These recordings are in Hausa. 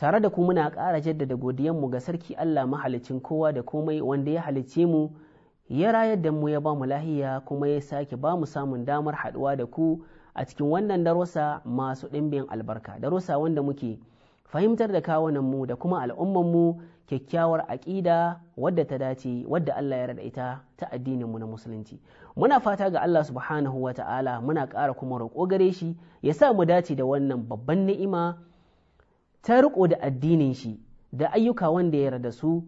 tare da ku muna ƙara jaddada godiyanmu ga sarki Allah mahalicin kowa da komai wanda ya halicce mu ya rayar da mu ya ba mu lahiya kuma ya sake ba mu samun damar haɗuwa da ku a cikin wannan darussa masu ɗimbin albarka darussa wanda muke fahimtar da kawunan mu da kuma al'umman mu kyakkyawar aƙida wadda ta dace wadda Allah ya rada ita ta addinin mu na musulunci muna fata ga Allah subhanahu wa ta'ala muna ƙara kuma roƙo gare shi ya sa mu dace da wannan babban ni'ima ta riko da addinin shi da ayyuka wanda ya yarda su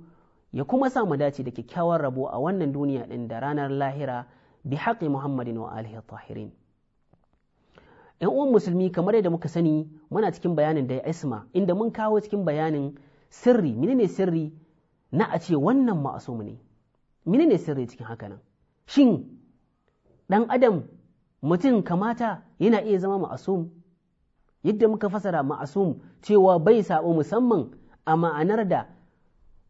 ya kuma sa mu dace da kyakkyawan rabo a wannan duniya din da ranar lahira bi haƙi Muhammadin wa alihi tahirin ‘Yan uwan musulmi kamar yadda muka sani muna cikin bayanin da ya isma inda mun kawo cikin bayanin sirri menene sirri na a ce wannan ma'asum ne menene sirri cikin haka nan shin ɗan adam mutum kamata yana iya zama ma'asum yadda muka fasara ma'asum cewa bai sabo musamman a ma'anar da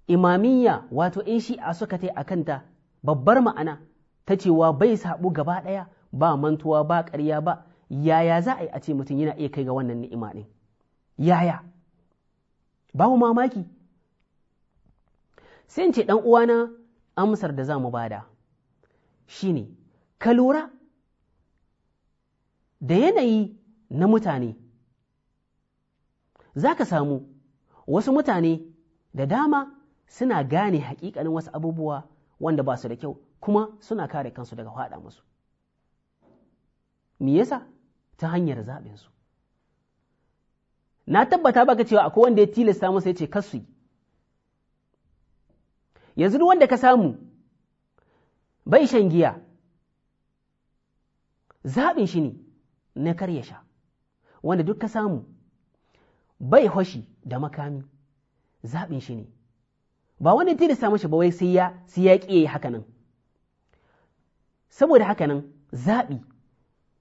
imamiyya wato in shi'a suka tai a kanta babbar ma'ana ta cewa bai sabo gaba ɗaya ba mantuwa ba karya ba yaya za a yi a ce mutum yana iya kai ga wannan ni'ima ɗin yaya babu mamaki sai in ce ɗan uwana amsar da za mu bada shine ka lura da yanayi na mutane za ka samu wasu mutane da dama suna gane hakikalin wasu abubuwa wanda ba su da kyau kuma suna kare kansu daga faɗa musu me yasa ta hanyar zaɓinsu na tabbata baka cewa akwai wanda ya tilasta masa ya ce kasu yi yanzu duk wanda ka samu bai shan giya zaɓin shi ne na karya sha wanda duk ka samu bai hoshi da makami zaɓin shi ne ba wani samun shi ba wai sai ya sai ya ƙiye hakanan saboda hakanan zaɓi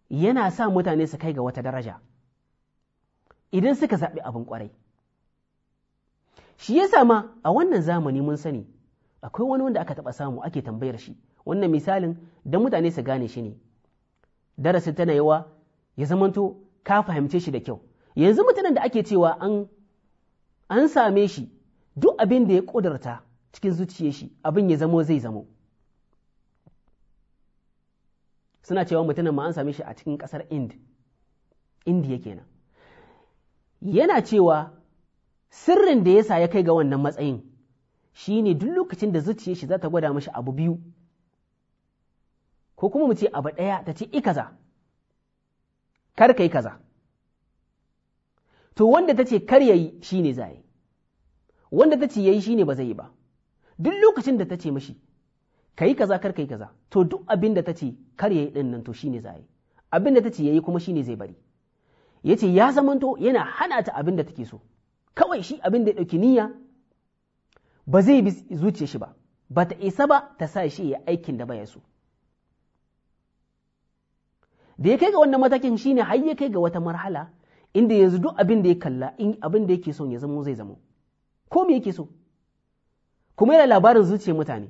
yana sa mutane su kai ga wata daraja idan suka zaɓi abin ƙwarai shi yasa ma a wannan zamani mun sani akwai wani wanda aka taɓa samu ake tambayar shi wannan misalin don mutane su gane shi ne darasin tana yawa ya zamanto ka fahimce shi da kyau yanzu mutanen da ake cewa an same shi duk abin da ya kudurta cikin zuciyar shi abin ya zamo zai zamo suna cewa mutumin ma an same shi a cikin ƙasar ind indiya kenan yana cewa sirrin da ya ya kai ga wannan matsayin shi ne duk lokacin da zuciyar shi za ta gwada mashi abu biyu ko kuma mu ce abu ɗaya ta ce ikaza. kar ka yi kaza to wanda ta ce kar ya yi shi ne yi, wanda ta ce ya yi shi ne ba zai yi ba duk lokacin da ta ce mashi ka yi kaza kar ka yi kaza to duk abin da ta ce kar ya yi ɗin nan to shi ne yi, abin da ta ce ya yi kuma shi ne zai bari ya ce ya zamanto yana hana ta abin da take so kawai shi abin da ya ɗauki niyya ba zai bi zuciya shi ba ba ta isa ba ta sa shi ya aikin da baya so da ya kai ga wannan matakin shine har ya kai ga wata marhala inda yanzu duk abin da ya kalla in abin da yake son ya zamo zai zamo ko me yake so kuma yana labarin zuciyar mutane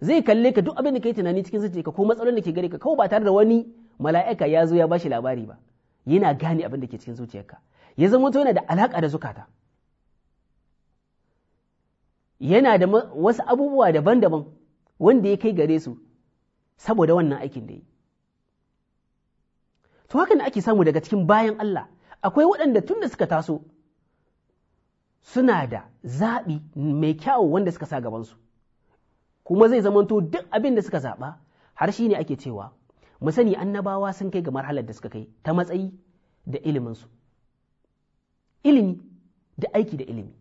zai kalle ka duk abin da kai tunani cikin zuciyarka ka ko matsalolin da ke gare ka kawai ba tare da wani mala'ika ya zo ya bashi labari ba yana gane abin da ke cikin zuciyarka ya zama to yana da alaka da zukata yana da wasu abubuwa daban-daban wanda ya kai gare su saboda wannan aikin da yi to haka ne ake samu daga cikin bayan Allah akwai waɗanda tun da suka taso suna da zaɓi mai kyawo wanda suka sa gabansu kuma zai zamanto duk abin da suka zaɓa har shi ne ake cewa mu sani annabawa sun kai ga marhalar da suka kai ta matsayi da iliminsu ilimi da aiki da ilimi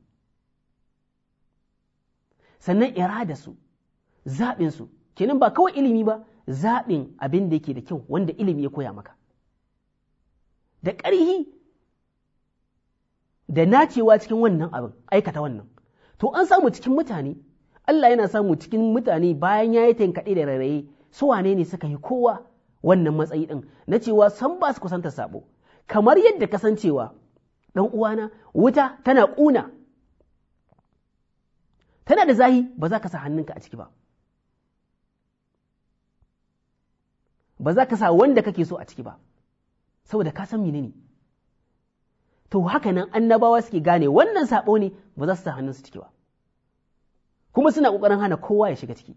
sannan zaɓin zaɓinsu kenan ba kawai ilimi ba zaɓin abin da yake da kyau wanda ilimi ya koya maka da ƙarhi da nacewa cikin wannan abin aikata wannan to an samu cikin mutane Allah yana samu cikin mutane bayan ya yi tankaɗe da rairaye su wane ne suka yi kowa wannan matsayi ɗin na cewa san ba su kusanta sabo kamar yadda kasancewa ɗan uwana wuta tana ƙuna tana da zahi ba za ka sa hannunka a ciki ba ba za ka sa wanda kake so a ciki ba saboda ka san menene to haka nan annabawa suke gane wannan sabo ne ba za su sa hannunsu ciki ba kuma suna kokarin hana kowa ya shiga ciki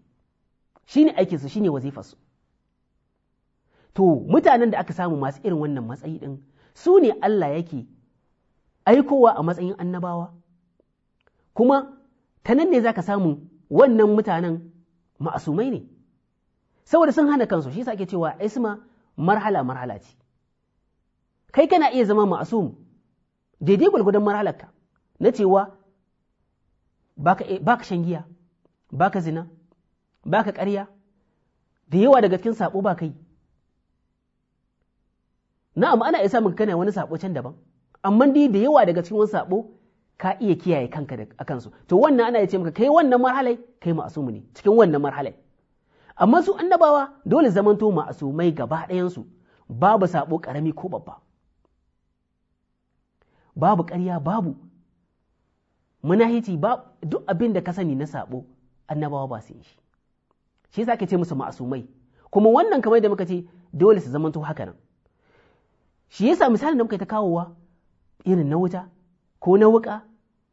shine aikin su shine wazifar su to mutanen da aka samu masu irin wannan matsayi din su ne Allah yake aikowa a matsayin annabawa kuma ta nan ne zaka samu wannan mutanen ma'asumai ne saboda sun hana kansu shi sa ake cewa isma marhala marhala ce kai kana iya zama ma'asum daidai gwalgwadon marhalarka na cewa ba ka eh, shan giya ka zina ba ka ƙarya da yawa daga cikin sabo ba kai na'am ana iya samun kana wani sabo can daban amma dai da yawa daga cikin wani sabo ka iya kiyaye kanka da akan su to wannan ana iya ce maka kai wannan marhalai kai ma'asumu ne cikin wannan marhalai amma su annabawa dole zamanto ma'asumai gaba ɗayan su babu sabo karami ko babba babu ƙarya babu munahici duk abin da ka sani na sabo annabawa ba su yi shi shi yasa ka ce musu ma'asumai kuma wannan kamar da muka ce dole su zamanto haka nan shi yasa misalin da muka ta kawowa irin na wuta ko na wuka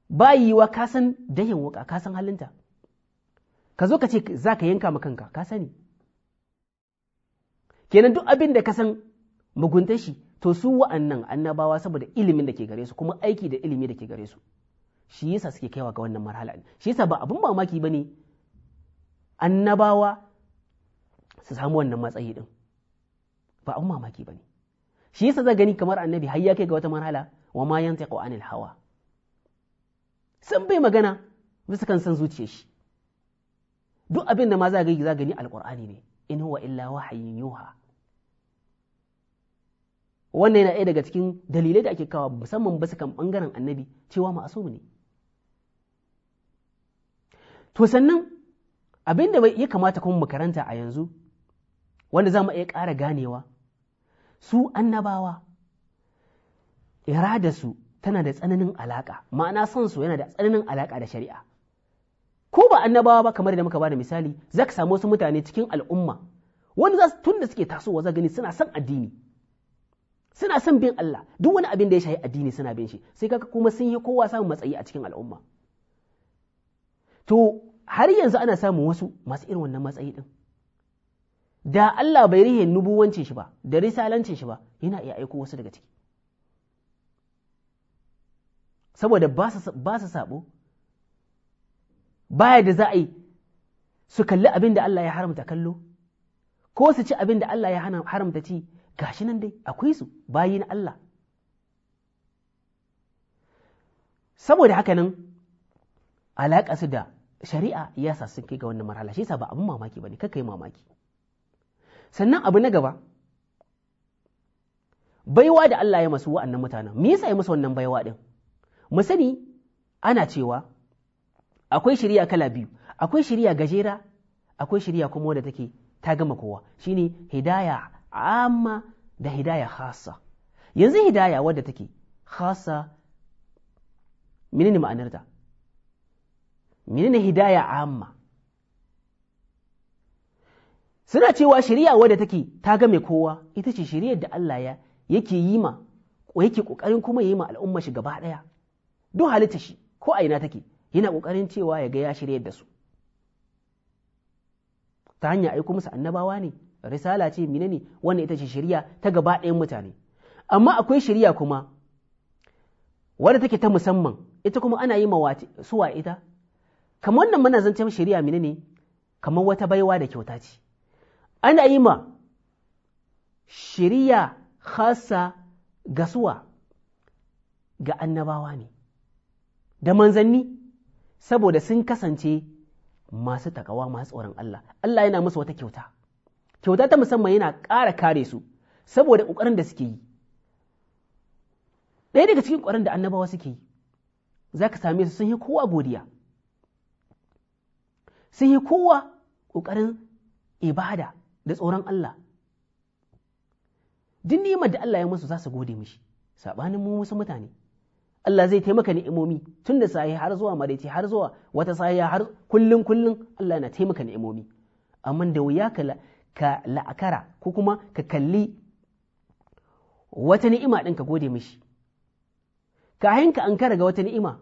ba yiwa ka san dahin wuka ka san halinta ka zo ka ce za ka yanka ma kanka ka sani kenan duk abin da ka san mugunta shi to su wa'annan annabawa saboda ilimin da ke gare su kuma aiki da ilimi da ke gare su shi yasa suke kaiwa ga wannan marhala shi yasa ba abin mamaki ba ne annabawa su samu wannan matsayi din ba abin mamaki ba ne. shi yasa za gani kamar annabi har ya kai ga wata marhala wa ma yantiqu anil hawa san bai magana bisa kan san zuciyar shi duk abin da ma za gani gani alqur'ani ne in huwa illa wahayin yuha wannan yana ɗaya daga cikin dalilai da ake kawo musamman su kan ɓangaren annabi cewa ma'asum ne to sannan abin da ya kamata kuma mu karanta a yanzu wanda za mu iya ƙara ganewa su annabawa su tana da tsananin alaƙa ma'ana son su yana da tsananin alaƙa da shari'a ko ba annabawa ba kamar da muka bada misali za ka samu wasu mutane cikin al'umma wanda za su tun da suke tasowa za gani suna son addini suna son bin Allah duk wani abin da ya shahi addini suna bin shi sai kaka kuma sun yi kowa samun matsayi a cikin al'umma to har yanzu ana samun wasu masu irin wannan matsayi din da Allah bai rihe nubuwancin shi ba da risalancin shi ba yana iya aiko wasu daga ciki saboda ba su sabo baya da za a yi su kalli abin da Allah ya haramta kallo ko su ci abin da Allah ya haramta ci gashi nan dai akwai su bayi na Allah saboda haka nan alaƙa su da shari'a ya sa sun kai ga wannan marhala shi yasa ba abin mamaki bane kaka yi mamaki sannan abu na gaba baiwa da Allah ya masu wa'annan mutanen me yasa ya masu wannan baiwa din mu sani ana cewa akwai shari'a kala biyu akwai shari'a gajera akwai shari'a kuma wanda take ta gama kowa shine hidaya amma da hidaya khasa yanzu hidaya wadda take khasa menene ma'anarta menene hidaya amma suna cewa shari'a wadda take ta game kowa ita ce shari'ar da Allah ya yake yi ma ko yake kokarin kuma yi ma al'umma shi gaba daya duk halitta shi ko a ina take yana kokarin cewa ya ga ya shiryar da su ta hanya aiko musu annabawa ne risala ce mine ne wannan ita ce shirya ta gaba ɗayan mutane amma akwai shirya kuma wadda take ta musamman ita kuma ana yi ma suwa ita kamar wannan zance shirya mine ne. kamar wata baiwa da kyauta ce ana yi ma shirya khasa ga suwa ga annabawa ne da manzanni saboda sun kasance masu takawa masu tsoron Allah Allah yana musu wata kyauta kyauta ta musamman yana ƙara kare su saboda ƙoƙarin da suke yi ɗaya daga cikin ƙoƙarin da annabawa suke yi za ka same su sun yi kowa godiya sun yi kowa ƙoƙarin ibada da tsoron Allah duk ni'imar da Allah ya masu za su gode mishi saɓanin mu wasu mutane Allah zai taimaka ni'imomi tun da sahi har zuwa maraice har zuwa wata sahiya har kullun kullun Allah na taimaka ni'imomi amma da wuya kala. ka la'akara ko kuma ka kalli wata ni'ima ɗin ka gode mishi Kayan ka kara ga wata ni'ima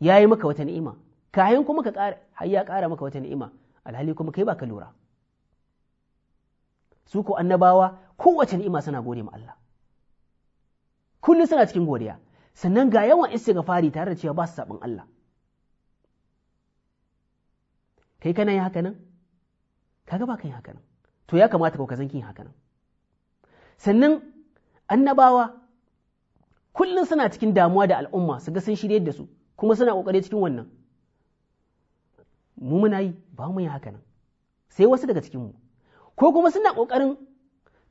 ya yi maka wata ni'ima Kayan kuma ka ya ƙara maka wata ni'ima alhali kuma kai ba ka lura su ko annabawa kowace ni'ima suna gode ma Allah kullum suna cikin godiya sannan ga yawan fari tare da cewa ba su sabon Allah kai kana yi haka nan kaga ba ka haka nan to ya kamata ka kazan kin haka nan sannan annabawa kullum suna cikin damuwa da al'umma su ga sun shirye da su kuma suna kokari cikin wannan mu muna yi ba mu yi haka nan sai wasu daga cikin mu ko kuma suna kokarin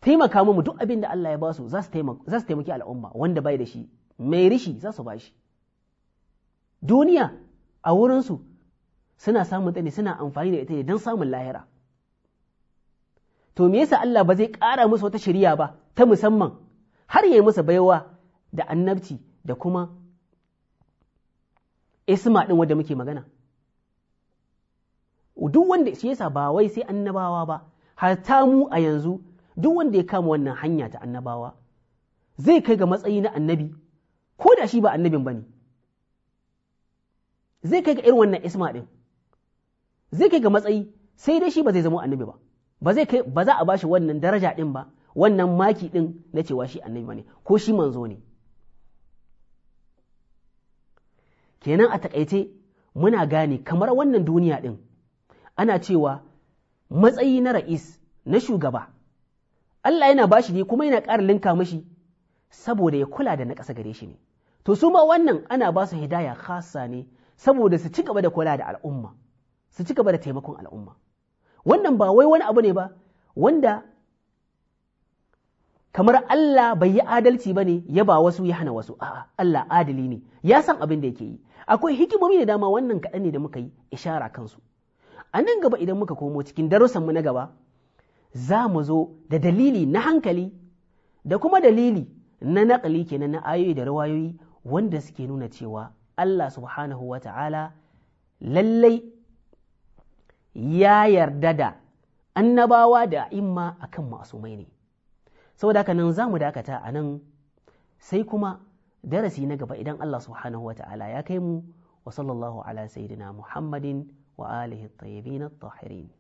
taimaka mu duk abin da Allah ya ba su za su taimaki al'umma wanda bai da shi mai rishi za su ba shi duniya a wurinsu suna samun tsani suna amfani da ita ne don samun lahira to me yasa Allah ba zai ƙara musu wata shari'a ba ta musamman har yayi musu baiwa da annabci da kuma isma ɗin wanda muke magana duk wanda shi yasa ba wai sai annabawa ba har ta mu a yanzu duk wanda ya kama wannan hanya ta annabawa zai kai ga matsayi na annabi ko da shi ba annabin ba ne zai kai ga irin wannan isma ɗin zai kai ga matsayi sai dai shi ba zai zama annabi ba ba zai kai ba za a bashi wannan daraja din ba wannan maki din na cewa shi annabi bane ko shi manzo ne kenan a takaice muna gane kamar wannan duniya din ana cewa matsayi na ra'is na shugaba Allah yana bashi ne kuma yana ƙara linka mashi saboda ya kula da na ƙasa gare shi ne to su ma wannan ana ba su hidaya khasa ne saboda su ci gaba da kula da al'umma su ci gaba da taimakon al'umma wannan ba wai wani abu ne ba wanda kamar Allah bai yi adalci ba ne ya ba wasu ya hana wasu a'a Allah adali ne ya san abin da yake yi akwai hikimomi da dama wannan kaɗan ne da muka yi ishara kansu a nan gaba idan muka komo cikin mu na gaba za mu zo da dalili na hankali da kuma dalili na naƙali kenan na ayoyi da rawayoyi wanda suke nuna cewa Allah subhanahu wa ta'ala lallai ya yarda da annabawa da imma akan masumai ne saboda haka nan za mu dakata a nan sai kuma darasi na gaba idan Allah subhanahu wa ta'ala ya kai mu wa sallallahu ala sayyidina Muhammadin wa alihi tayyibin at-tahirin